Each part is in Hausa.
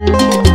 you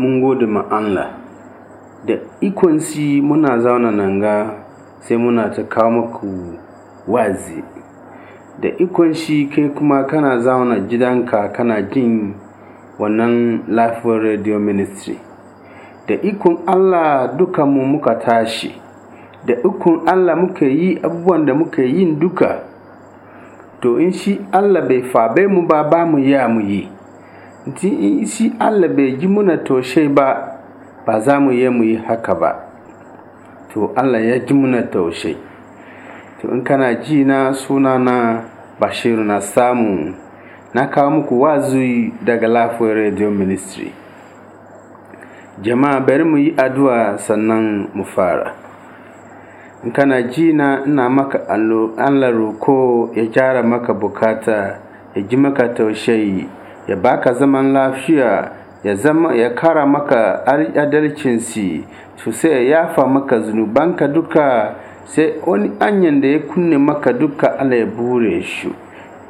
mun gode ma Allah da ikonsi muna zauna nan ga sai muna ta kawo muku wazi da ikonshi kai kuma kana zauna gidanka kana jin wannan Life Radio Ministry da ikon Allah mu muka tashi da ikon Allah muka yi abubuwan da muka yi duka to in shi Allah bai fabe mu ba ba mu ya mu yi shi Allah bai ji muna taushe ba ba za mu yi mu yi haka ba to Allah ya ji muna taushe to in kana ji na suna na bashiru na samu na kawo muku wazui daga lafiyar radio ministry jama'a bari mu yi addu'a sannan mu fara in kana ji na ina maka Allah roko ya jara maka bukata ya ji maka taushe ya baka zaman lafiya ya zama ya kara maka adalcinsi sosai ya yafa maka zunubanka duka sai wani anyan da ya kunne maka duka Allah ya bure shi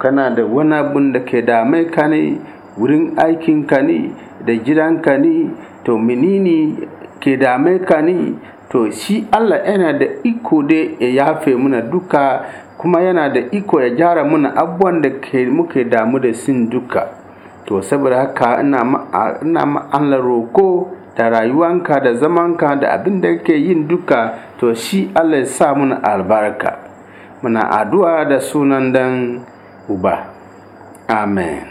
kana da wani abun da ke damai ka ne wurin aikinka ne da gidanka ne to menene ke damai ka ne to shi Allah yana da iko da ya yafe muna duka kuma yana da iko ya gyara muna abubuwan da muke damu da sin duka to saboda haka ina ma'anar roko da rayuwanka da zamanka da abin da kake yin duka to shi Allah ya sa mun albarka muna addu'a da sunan dan uba amen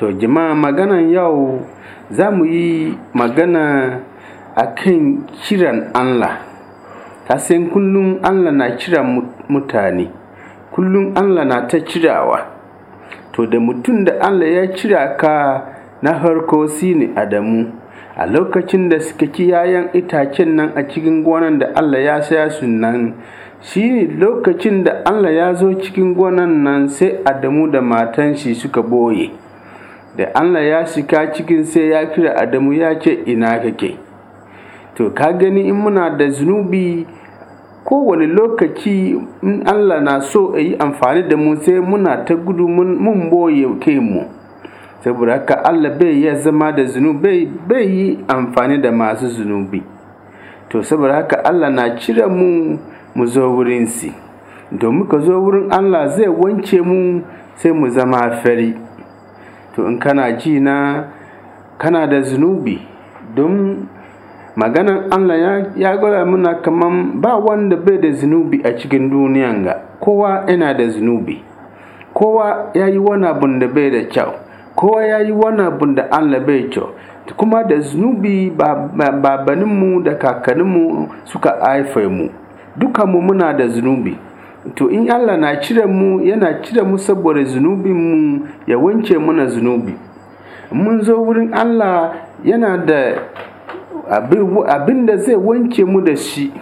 to jama'a maganan yau za mu yi magana a kan kiran Allah ta san kullum Allah na kiran mutane kullum Allah na ta kirawa to da mutum da Allah ya cira ka na harko ne Adamu a lokacin da suka ci yayan itacen nan a cikin gonan da Allah ya saya su nan shi lokacin da Allah ya zo cikin gonan nan sai Adamu da matan shi suka boye da Allah ya shiga cikin sai ya kira Adamu ya ce ina kake to ka gani in muna da zunubi kowane lokaci in Allah na so a yi amfani da mu sai muna ta gudu mun boye mu saboda haka Allah bai ya zama da zunubi bai yi amfani da masu zunubi to saboda haka Allah na cire mu mu zo wurinsi domin ka zo wurin Allah zai wance mu sai mu zama fari to in kana ji na kana da zunubi don maganan Allah ya, gwada muna kaman ba wanda bai da zunubi a cikin duniyan ga kowa yana da zunubi kowa ya yi wani abun da bai da kyau kowa ya yi wani abun da Allah bai kyau kuma da zunubi babaninmu da kakanninmu suka haife mu dukanmu muna da zunubi to in Allah na cire mu yana cire mu saboda zunubinmu ya wanke muna zunubi mun zo wurin Allah yana da abin da zai wanke mu da shi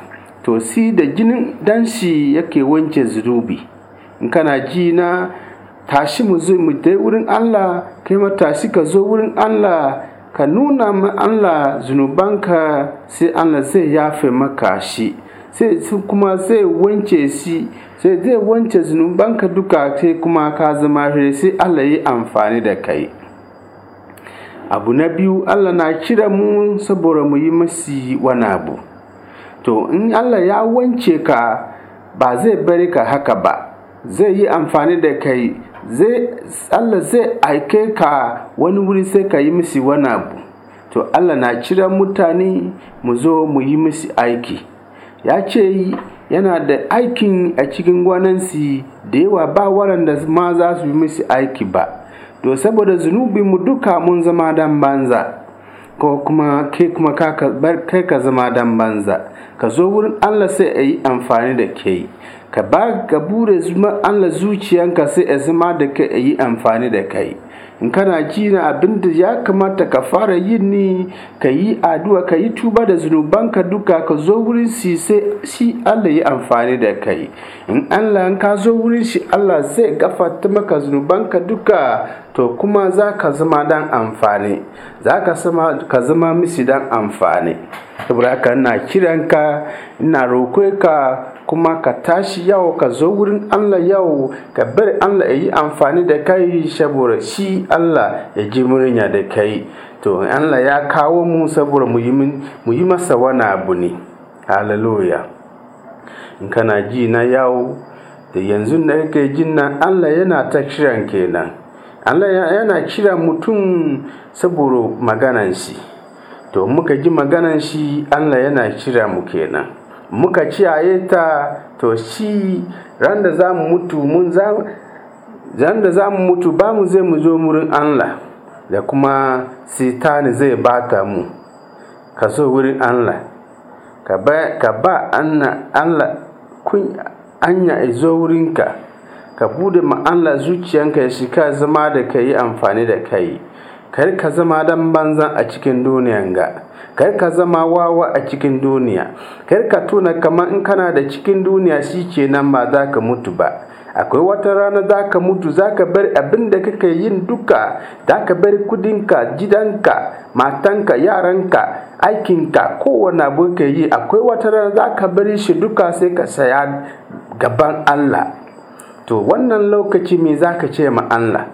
to si da jinin dan shi yake wanke zunubi in kana ji na tashi mu zo mu dai wurin Allah kai ma tashi ka zo wurin Allah ka nuna ma Allah zunubanka sai Allah zai yafe maka shi sai kuma zai wanke shi sai zai wance zunubanka duka sai kuma ka zama sai Allah yi amfani da kai abu na biyu allah na cire mu saboda mu yi masi wani abu to in allah ya wance ka ba zai bari ka haka ba zai yi amfani da kai allah zai aike ka wani wuri sai ka yi masi wani abu to allah na cire mutane mu zo mu yi masi aiki ya ce yana da aikin a cikin gwanansi da yawa ba waɗanda ma za su yi masi aiki ba to saboda mu duka mun zama dan banza ko kuma kai kuma kai ka zama dan banza ka zo wurin Allah sai a yi amfani da kai ka ba ka bure Allah zuciyanka sai a zama da kai a yi amfani da kai in kana ji na abin da ya kamata ka fara yi ni ka yi addu'a ka yi tuba da zunubanka duka ka zo wurin si sai shi Allah yi amfani da kai in Allah in ka zo wurin shi Allah zai gafarta maka zunubanka duka to kuma za ka zama dan amfani za ka ka zama misi dan amfani saboda haka ina kiranka ina roƙe ka kuma ka tashi yau ka zo wurin Allah yau ka bari Allah ya yi amfani da kai saboda shi Allah ya ji murya da kai to Allah ya kawo mu saboda mu yi masa wani abu ne hallelujah in kana ji na yau da yanzu da kake jin nan Allah yana ta kiran kenan Allah yana kira mutum saboda maganan shi to muka ji maganan shi Allah yana kira mu kenan muka ciyaye ta to shi ran da za mu mutu mun za ran da za mu mutu ba mu zai mu zo murin Allah da kuma sitani zai bata mu ka zo wurin Allah ka ba ka ba Allah kun anya izo wurin ka ka bude ma Allah zuciyanka ya shika zama da ka amfani da kai kar ka zama dan banzan a cikin duniyan ga kar ka zama wawa a cikin duniya kar ka tuna kamar in kana da cikin duniya shi nan ba za ka mutu ba akwai wata rana za ka mutu za ka bar abin da kake yin duka za ka bar kudinka gidanka matanka yaranka aikinka kowane abu ka yi akwai wata rana za ka bar shi duka sai ka saya gaban allah to wannan lokaci me za ka ce ma allah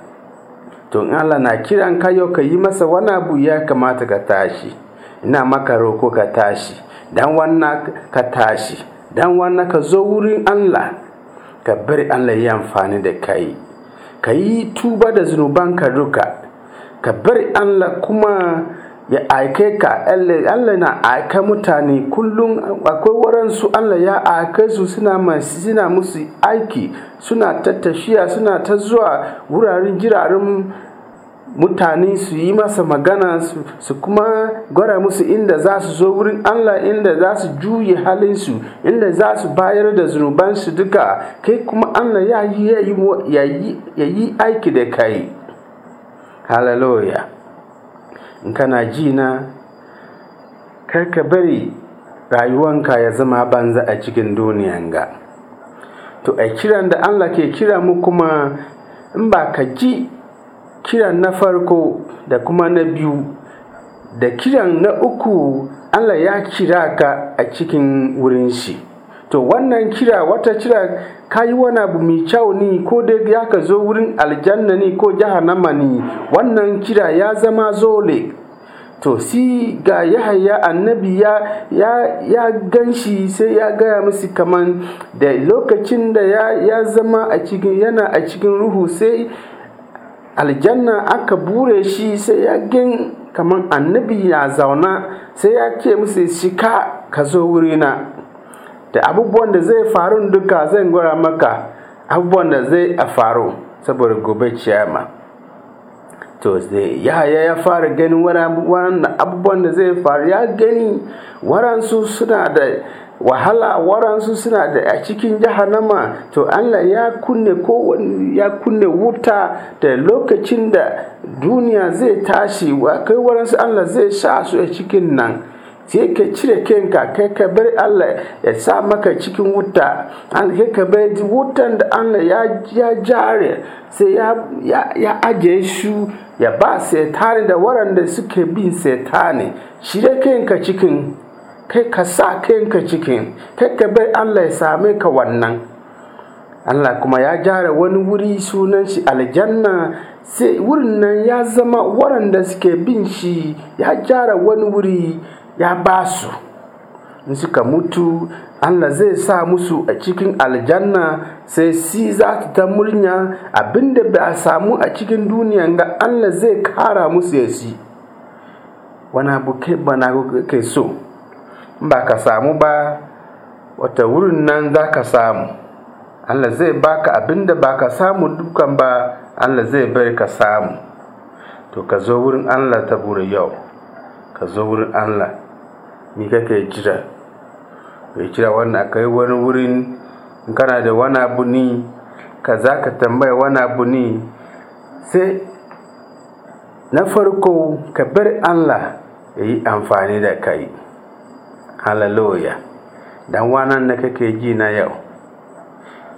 to allah na kiran ka yau ka yi masa wani abu ya kamata ka tashi ina maka roko ka tashi dan wannan ka tashi dan wannan ka zo wurin Allah ka bari Allah ya amfani da kai ka yi tuba da zunubanka duka ka bari Allah kuma ya aike ka Allah na aika mutane kullum akwai waransu Allah ya aike su suna suna musu aiki suna tattashiya suna ta zuwa wuraren jiraren mutane su yi masa magana su kuma gwara musu inda za su zo wurin Allah inda za su juye halinsu inda za su bayar da zunubansu duka kai kuma Allah ya yi aiki da kai hallelujah in kana ji na karka bari rayuwanka ya zama banza a cikin duniyan ga to a kiran da Allah ke kira mu kuma in ba ka ji kiran na farko da kuma na biyu da kiran na uku Allah ya kira ka a cikin wurin shi to wannan kira wata kira ka yi wani abu mai kyau ne ko dai ya ka zo wurin aljanna ne ko jahannama ne wannan kira ya zama zole to si ga yahaya annabi ya ya ya gan shi sai ya gaya musu kaman da lokacin da ya ya zama a cikin yana a cikin ruhu sai aljanna aka bure shi sai ya gin kamar annabi ya zauna sai ya ce musu shika ka zo na da abubuwan da zai faru duka zan gura maka abubuwan da zai a faru saboda gobe ciyama to ya ya fara ganin waran abubuwan da zai faru ya gani waransu suna da wahala waransu suna da a cikin jahannama to Allah ya kunne ko ya kunne wuta da lokacin da duniya zai tashi wa kai waransu Allah zai sha su a cikin nan sai ka cire kanka kai ka bar Allah ya sa maka cikin wuta an kai ka bar wutan da Allah ya ya jare sai ya ya, ya aje shi ya ba setani da waranda suke bin setani da kanka cikin kai ka sa kanka cikin kai ka bai Allah ya same ka wannan Allah kuma ya gyara wani wuri sunan shi aljanna sai wurin nan ya zama waɗanda suke bin shi ya gyara wani wuri ya ba su in suka mutu Allah zai sa musu a cikin aljanna sai si za ta murya abinda ba a samu a cikin duniya ga Allah zai kara musu ya si wani abu ke bana ke so ba ka samu ba wata wurin nan za ka samu Allah zai baka abinda da ba ka samu dukan ba Allah zai bari ka samu to ka zo wurin Allah ta buri yau ka zo wurin Allah ni kake jira bai jira wannan kai wani wurin in kana da wani abu ni ka za ka tambaya wani abu ni sai na farko ka bar Allah ya yi amfani da kai Hallelujah. Dan wannan da kake ji na yau,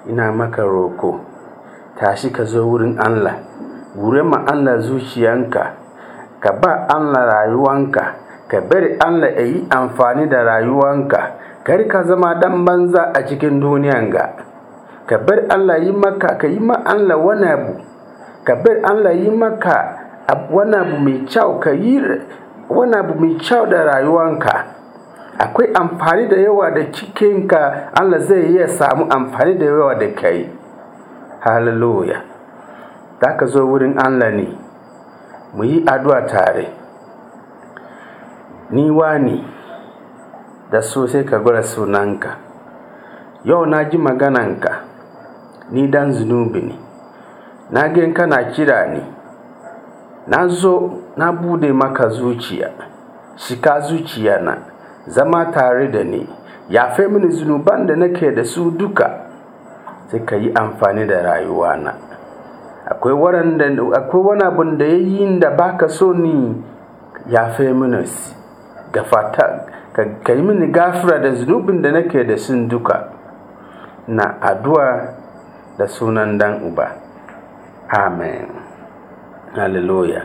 ina maka roko, tashi ka zo wurin Allah, gure ma Allah zuciyanka, ka ba Allah rayuwanka, ka bari Allah ya yi amfani da rayuwanka, kari ka zama dan banza a cikin duniyan ga. Ka bari Allah yi maka, ka yi ma Allah wani abu, ka bari Allah yi maka wani abu mai kyau, ka yi wani abu mai kyau da rayuwanka. akwai amfani da yawa da cikinka Allah zai iya samu amfani da yawa da kai hallelujah da ka zo wurin Allah ne mu yi addu'a tare ni wani da so sai ka gwada sunanka yau na ji magananka ni dan zunubi ne na gan kana kira ni na zo na bude maka zuciya shika zuciya na zama tare da ni yafe mini zunuban da nake da su duka sai ka yi amfani da rayuwa na akwai wani abin da ya yi da baka so ni yafe mini gafata ka yi mini gafira da zunubin da nake da sun duka na addu'a da sunan dan uba amen hallelujah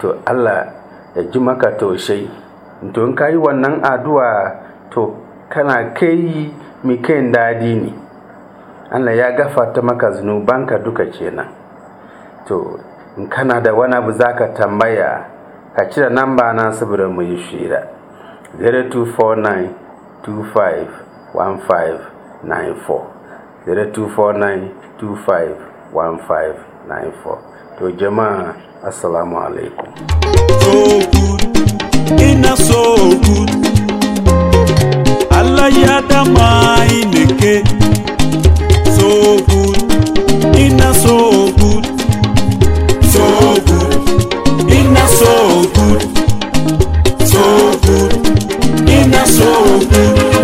to allah ya ji maka taushe to in ka yi wannan addu'a to kana kai mai kai dadi ne Allah ya gafarta maka zunubanka duka kenan to in kana da wani abu za ka tambaya ka cire namba na saboda mu yi shira 0249251594 25 to jama'a assalamu alaikum China so good. Alayada maineke so good. Ina so good. So good. Ina so good. So good. Ina so good.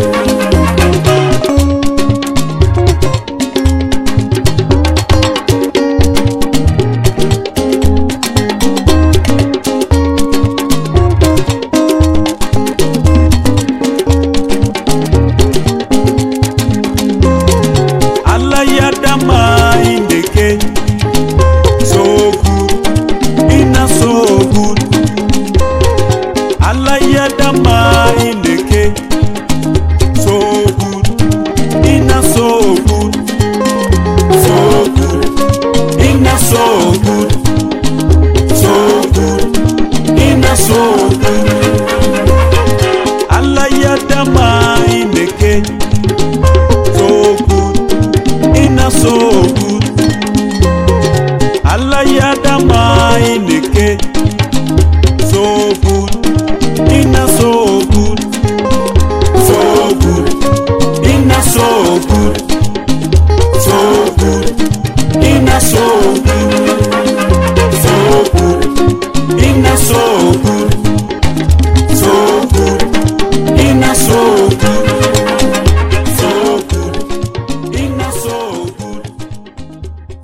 binadamu ini